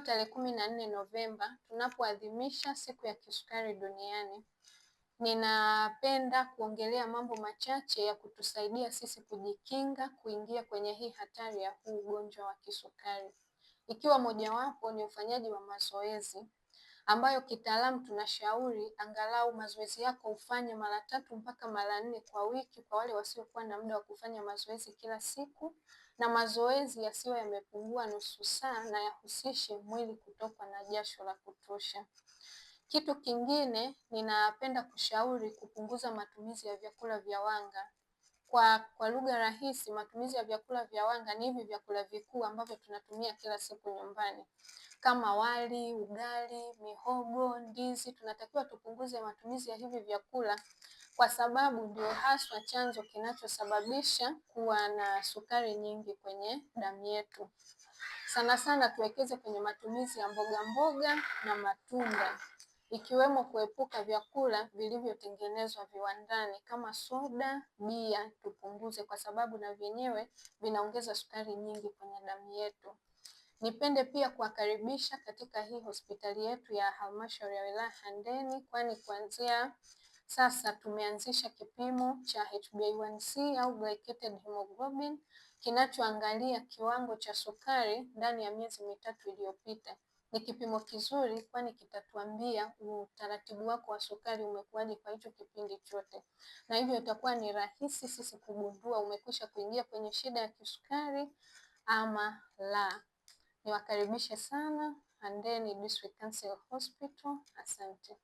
tarehe kumi na nne Novemba tunapoadhimisha siku ya kisukari duniani, ninapenda kuongelea mambo machache ya kutusaidia sisi kujikinga kuingia kwenye hii hatari ya huu ugonjwa wa kisukari, ikiwa mojawapo ni ufanyaji wa mazoezi ambayo kitaalamu tunashauri angalau mazoezi yako ufanye mara tatu mpaka mara nne kwa wiki kwa wale wasiokuwa na muda wa kufanya mazoezi kila siku na mazoezi yasiyo yamepungua nusu saa na yahusishe mwili kutokwa na jasho la kutosha. Kitu kingine ninapenda kushauri kupunguza matumizi ya vyakula vya wanga kwa lugha rahisi matumizi ya vyakula vya wanga ni hivi vyakula vikuu ambavyo tunatumia kila siku nyumbani kama wali, ugali, mihogo, ndizi tunatakiwa tupunguze matumizi ya hivi vyakula kwa sababu ndio haswa chanzo kinachosababisha kuwa na sukari nyingi kwenye damu yetu. Sana sana tuwekeze kwenye matumizi ya mboga mboga na matunda ikiwemo kuepuka vyakula vilivyotengenezwa viwandani kama soda, bia tupunguze kwa sababu na vyenyewe vinaongeza sukari nyingi kwenye damu yetu. Nipende pia kuwakaribisha katika hii hospitali yetu ya halmashauri ya wilaya Handeni kwani kuanzia sasa tumeanzisha kipimo cha HbA1c au glycated hemoglobin kinachoangalia kiwango cha sukari ndani ya miezi mitatu iliyopita ni kipimo kizuri, kwani kitatuambia utaratibu wako wa sukari umekuwaje kwa hicho kipindi chote, na hivyo itakuwa ni rahisi sisi kugundua umekwisha kuingia kwenye shida ya kisukari ama la. Niwakaribishe sana Handeni District Council Hospital. Asante.